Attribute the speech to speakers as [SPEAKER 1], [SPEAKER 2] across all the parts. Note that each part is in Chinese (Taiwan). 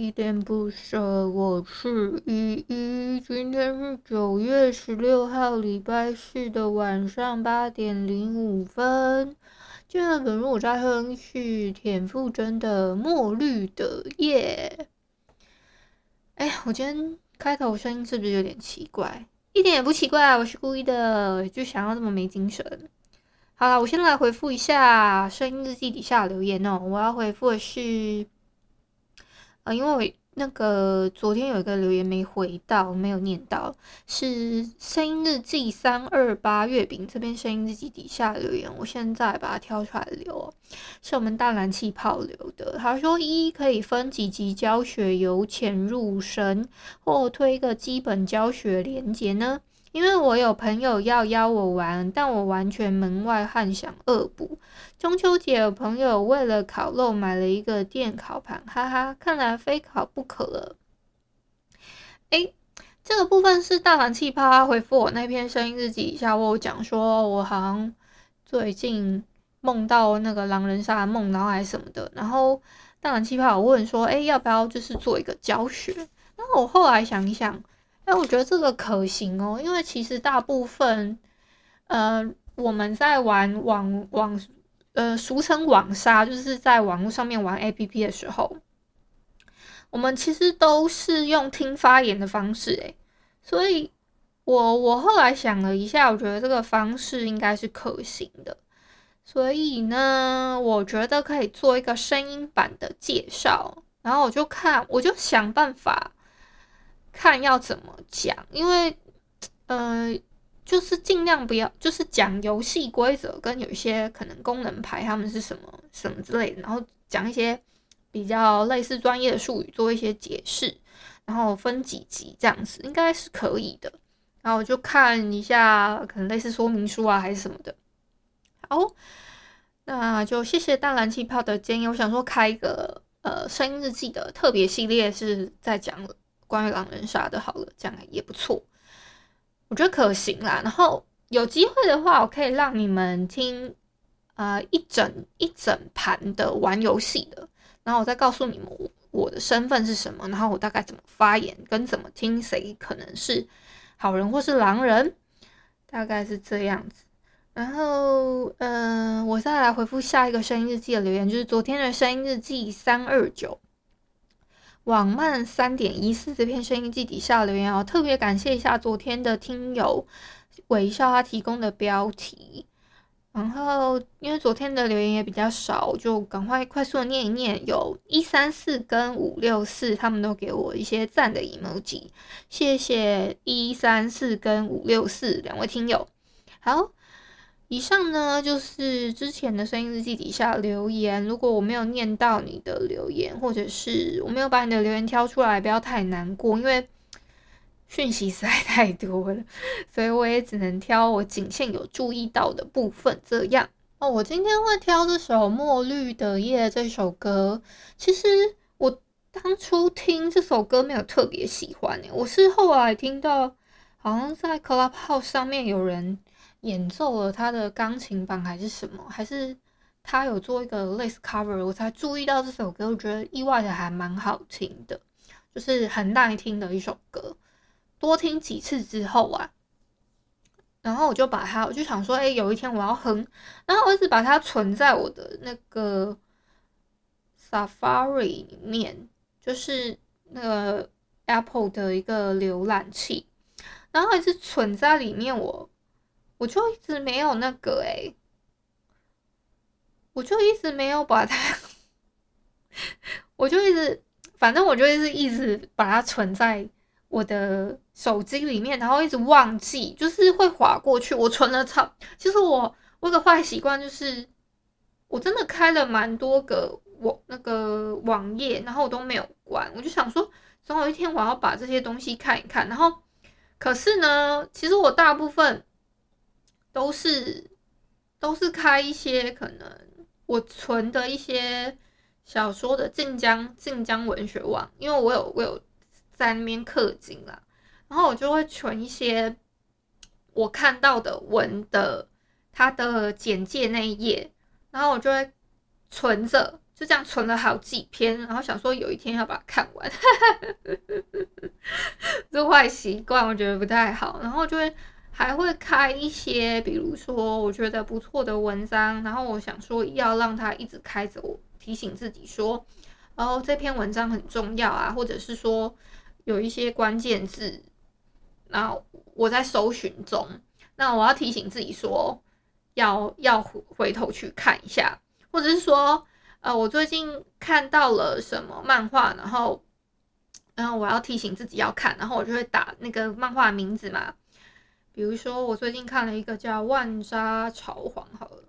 [SPEAKER 1] 一點不捨，我是依依。今天是九月十六號，禮拜四的晚上八點零五分。今天本日，我在哼是田馥甄的《墨綠的夜》yeah。哎、欸、呀，我今天開頭聲音是不是有點奇怪？一點也不奇怪，我是故意的，就想要這麼沒精神。好了，我先來回復一下聲音日記底下留言哦、喔。我要回復的是。啊、呃，因為那個昨天有一個留言沒回到，沒有念到，是《聲音日記》三二八月餅這邊《聲音日記》底下留言，我現在把它挑出來留。是我們淡藍氣泡留的，他說：“依可以分幾級教學由淺入深，或推一個基本教學連結呢？”因為我有朋友要邀我玩，但我完全門外漢，想惡補。中秋節，有朋友為了烤肉買了一個電烤盤，哈哈，看來非烤不可了。哎，這個部分是大膽氣泡他回復我那篇聲音日記，一下問我有講說，我好像最近夢到那個狼人殺夢，然後還什麼的。然後大膽氣泡我問說，哎，要不要就是做一個教學？然後我後來想一想。哎，我覺得這個可行哦、喔，因為其實大部分，呃，我們在玩網網，呃，俗稱網殺，就是在網絡上面玩 APP 的時候，我們其實都是用聽發言的方式、欸，誒，所以我我後來想了一下，我覺得這個方式應該是可行的，所以呢，我覺得可以做一個聲音版的介紹，然後我就看，我就想辦法。看要怎麼講，因為，呃，就是盡量不要，就是講遊戲規則跟有一些可能功能牌他們是什麼什麼之類的，然後講一些比較類似專業的術語做一些解釋，然後分幾集這樣子應該是可以的。然後我就看一下，可能類似說明書啊，還是什麼的。哦，那就謝謝淡藍氣泡的建議。我想說開一個呃聲音日記的特別系列是在講了。關於狼人殺的，好了，這樣也不錯，我覺得可行啦。然後有機會的話，我可以讓你們聽，呃，一整一整盤的玩遊戲的。然後我再告訴你們，我我的身份是什麼，然後我大概怎麼發言，跟怎麼聽誰可能是好人或是狼人，大概是這樣子。然後，嗯，呃，我再來回復下一個聲音日記的留言，就是昨天的聲音日記三二九。網慢三點一四這篇聲音記底下留言哦，特別感謝一下昨天的聽友微笑他提供的標題。然後因為昨天的留言也比較少，就趕快快速的念一念，有一三四跟五六四他們都給我一些讚的 emoji，謝謝一三四跟五六四兩位聽友。好。以上呢，就是之前的聲音日記底下留言，如果我沒有念到你的留言，或者是我沒有把你的留言挑出來，不要太難過，因為訊息實在太多了，所以我也只能挑我僅限有注意到的部分。這樣哦，我今天會挑這首《墨綠的夜》這首歌。其實我當初聽這首歌沒有特別喜歡，我是後來聽到，好像在 Clubhouse 上面有人。演奏了他的鋼琴版還是什麼？還是他有做一個類似 cover，我才注意到這首歌。我覺得意外的還蠻好聽的，就是很耐聽的一首歌。多聽幾次之後啊，然後我就把它，我就想說，哎，有一天我要哼。然後我一直把它存在我的那個 Safari 裡面，就是那個 Apple 的一個瀏覽器，然後一直存在裡面我。我就一直沒有那個哎、欸，我就一直沒有把它，我就一直，反正我就是一直，一直把它存在我的手機裡面，然後一直忘記，就是會划過去。我存了差，其實我我有個壞習慣就是，我真的開了蠻多個我那個網頁，然後我都沒有關。我就想說，總有一天我要把這些東西看一看。然後，可是呢，其實我大部分。都是都是開一些可能我存的一些小說的晉江晉江文學網，因為我有我有在那邊課金啦，然後我就會存一些我看到的文的它的簡介那一頁，然後我就會存着，就這樣存了好幾篇，然後想說有一天要把它看完， 這壞習慣我覺得不太好，然後就會。還會開一些，比如說我覺得不錯的文章，然後我想說要讓他一直開着，我提醒自己說，然後這篇文章很重要啊，或者是說有一些關鍵字，那我在搜尋中，那我要提醒自己說要，要要回頭去看一下，或者是說，呃，我最近看到了什麼漫畫，然後，然後我要提醒自己要看，然後我就會打那個漫畫名字嘛。比如說，我最近看了一個叫《萬渣朝皇》好了，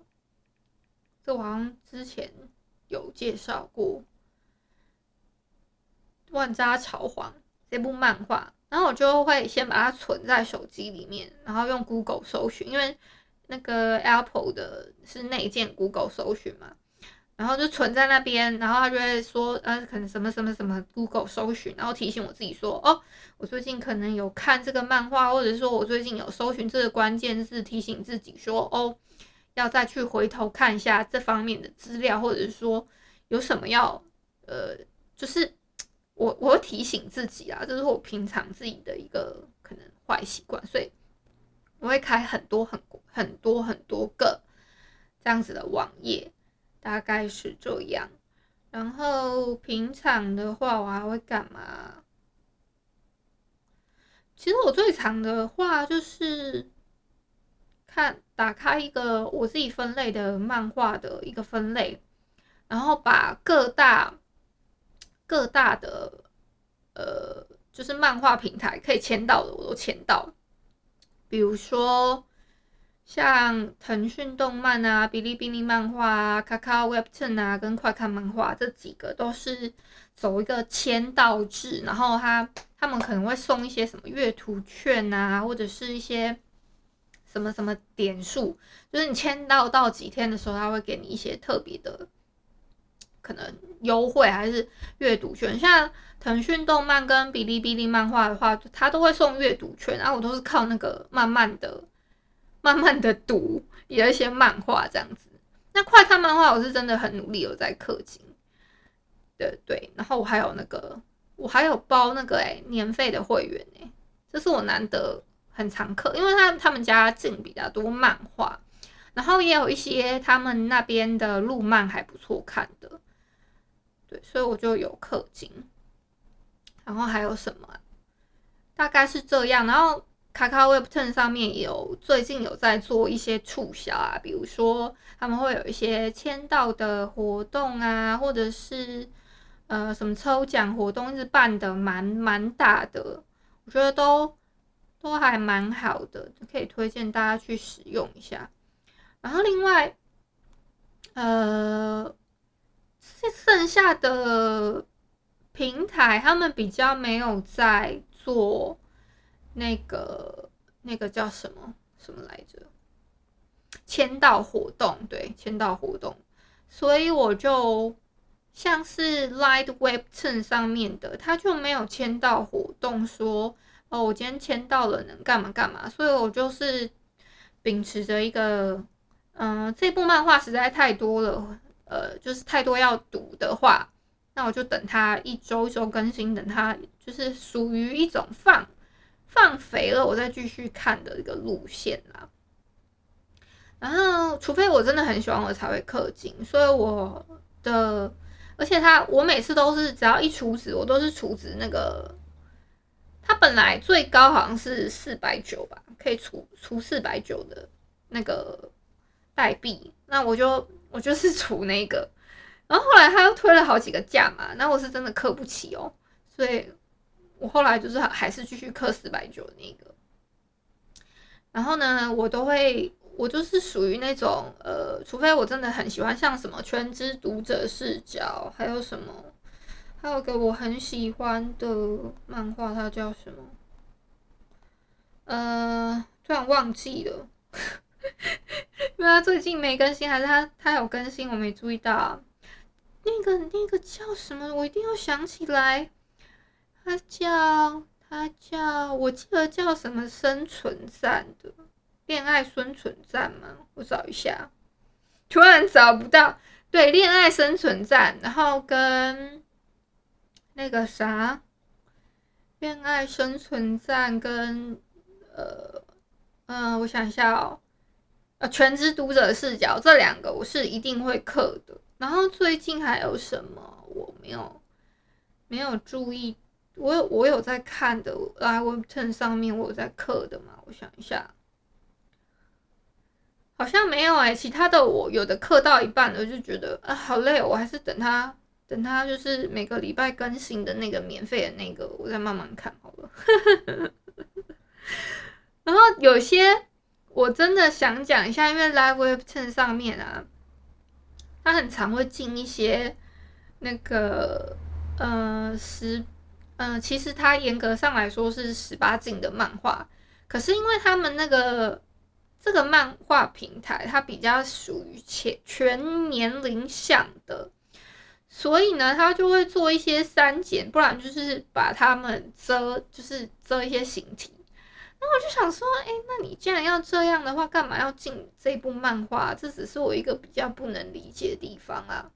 [SPEAKER 1] 這我好像之前有介紹過《萬渣朝皇》這部漫畫，然後我就會先把它存在手機裡面，然後用 Google 搜尋，因為那個 Apple 的是內建 Google 搜尋嘛。然後就存在那邊，然後他就會說，呃、啊，可能什麼什麼什麼，Google 搜尋，然後提醒我自己說，哦，我最近可能有看這個漫畫，或者是說我最近有搜尋這個關鍵字，提醒自己說，哦，要再去回頭看一下這方面的資料，或者是說有什麼要，呃，就是我我會提醒自己啊，這是我平常自己的一個可能壞習慣，所以我會開很多很很多很多個這樣子的網頁。大概是這樣，然後平常的話我還會幹嘛？其實我最常的話就是看，打開一個我自己分類的漫畫的一個分類，然後把各大、各大的呃，就是漫畫平台可以簽到的我都簽到，比如說。像騰訊動漫啊、嗶哩嗶哩漫畫啊、卡卡 Webtoon 啊、跟快看漫畫這幾個都是走一個簽到制，然後他他們可能會送一些什麼閱讀券啊，或者是一些什麼什麼點數，就是你簽到到幾天的時候，他會給你一些特別的可能優惠，還是閱讀券。像騰訊動漫跟嗶哩嗶哩漫畫的話，他都會送閱讀券然後、啊、我都是靠那個慢慢的。慢慢的讀，也有一些漫畫這樣子。那快看漫畫，我是真的很努力有在氪金，對對。然後我還有那個，我還有包那個哎、欸、年費的會員，欸、這是我難得很常客，因為他他們家進比較多漫畫，然後也有一些他們那邊的路漫還不錯看的，對，所以我就有氪金。然後還有什麼？大概是這樣。然後。卡卡 Webtoon 上面有最近有在做一些促銷啊，比如說他們會有一些簽到的活動啊，或者是呃什麼抽獎活動一直，是辦的蠻蠻大的，我覺得都都還蠻好的，可以推薦大家去使用一下。然後另外，呃，剩剩下的平台他們比較沒有在做。那個那個叫什麼什麼來着？簽到活動對，簽到活動。所以我就像是 Light Webtoon 上面的，他就沒有簽到活動說，說哦，我今天簽到了能幹嘛幹嘛。所以我就是秉持着一個，嗯、呃，這部漫畫實在太多了，呃，就是太多要讀的話，那我就等它一周一周更新，等它就是屬於一種放。放肥了，我再繼續看的一個路線啦、啊。然後，除非我真的很喜歡，我才會氪金。所以我的，而且他，我每次都是只要一儲值，我都是儲值那個。他本來最高好像是四百九吧，可以儲儲四百九的那個代幣。那我就我就是儲那個，然後後來他又推了好幾個價嘛，那我是真的氪不起哦、喔，所以。我後來就是還是繼續刻四百九那個，然後呢，我都會，我就是屬於那種，呃，除非我真的很喜歡，像什麼全知讀者視角，還有什麼，還有個我很喜歡的漫畫，它叫什麼？呃，突然忘記了， 因為它最近沒更新，還是它它有更新，我沒注意到啊。那個那個叫什麼？我一定要想起來。他叫他叫，我記得叫什麼生存戰的，戀愛生存戰嗎？我找一下，突然找不到。對，戀愛生存戰，然後跟那個啥，戀愛生存戰跟呃嗯、呃，我想一下哦，呃，全知讀者視角這兩個我是一定會課的。然後最近還有什麼我沒有沒有注意？我有我有在看的，Live Web Ten 上面我有在刻的嘛，我想一下，好像沒有哎、欸，其他的我有，有的刻到一半我就覺得啊好累，喔，我還是等他等他就是每個禮拜更新的那個免費的那個，我再慢慢看好了。 然後有些我真的想講一下，因為 Live Web Ten 上面啊，他很常會進一些那個呃詩。嗯，其實它嚴格上來說是十八禁的漫畫，可是因為他們那個這個漫畫平台，它比較屬於全全年齡向的，所以呢，它就會做一些刪減，不然就是把他們遮，就是遮一些形體。那我就想說，哎、欸，那你既然要這樣的話，幹嘛要禁這部漫畫、啊？這只是我一個比較不能理解的地方啊。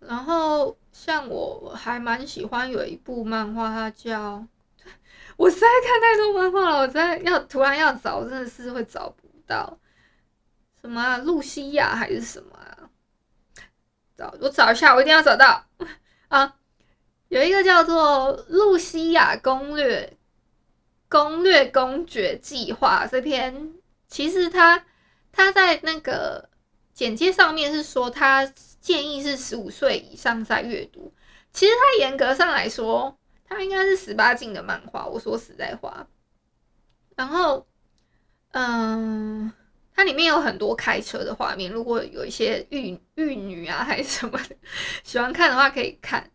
[SPEAKER 1] 然後，像我還蠻喜歡有一部漫畫，他叫……我實在看太多漫畫了，我真的要突然要找，真的是會找不到什麼露西亞還是什麼啊？找我找一下，我一定要找到啊！有一個叫做《露西亞攻略》《攻略公爵計劃》這篇，其實它它在那個簡介上面是說它。建議是十五歲以上再閱讀。其實它嚴格上來說，它應該是十八禁的漫畫。我說實在話，然後，嗯，它裡面有很多開車的畫面。如果有一些玉玉女啊，還是什麼的喜歡看的話，可以看。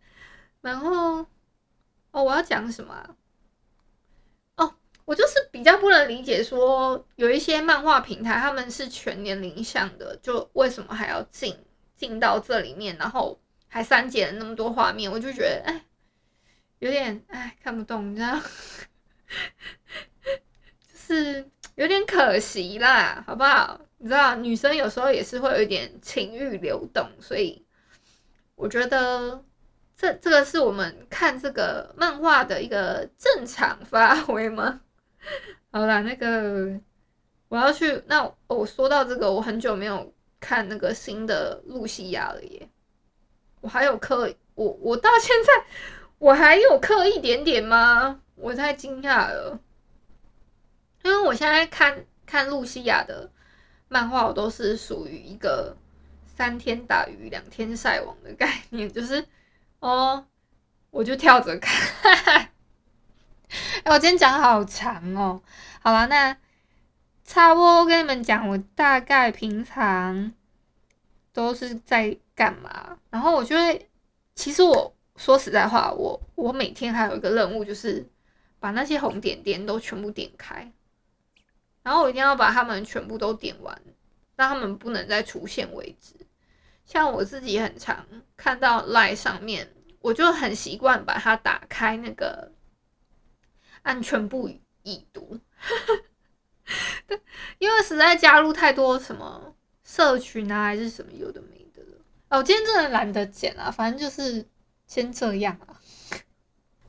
[SPEAKER 1] 然後，哦，我要講什麼啊？哦，我就是比較不能理解說有一些漫畫平台他們是全年齡向的，就為什麼還要禁？進到這裡面，然後還刪減了那麼多畫面，我就覺得哎，有點哎看不懂，你知道， 就是有點可惜啦，好不好？你知道，女生有時候也是會有一點情欲流動，所以我覺得這這個是我們看這個漫畫的一個正常發揮嗎？好啦，那個我要去，那、哦、我說到這個，我很久沒有。看那個新的露西亞了耶！我還有刻我我到現在我還有刻一點點嗎？我太驚訝了，因為我現在看看露西亞的漫畫，我都是屬於一個三天打魚兩天曬網的概念，就是哦，我就跳着看。哎，我今天講的好長哦、喔，好啦，那。差不多，跟你們講，我大概平常都是在幹嘛。然後我就會，其實我說實在話，我我每天還有一個任務，就是把那些紅點點都全部點開，然後我一定要把它們全部都點完，讓他們不能再出現為止。像我自己很常看到 LINE 上面，我就很習慣把它打開那個按全部已讀。 因為實在加入太多什麼社群啊，還是什麼有的沒的了。哦、啊，我今天真的懶得剪了、啊，反正就是先這樣、啊。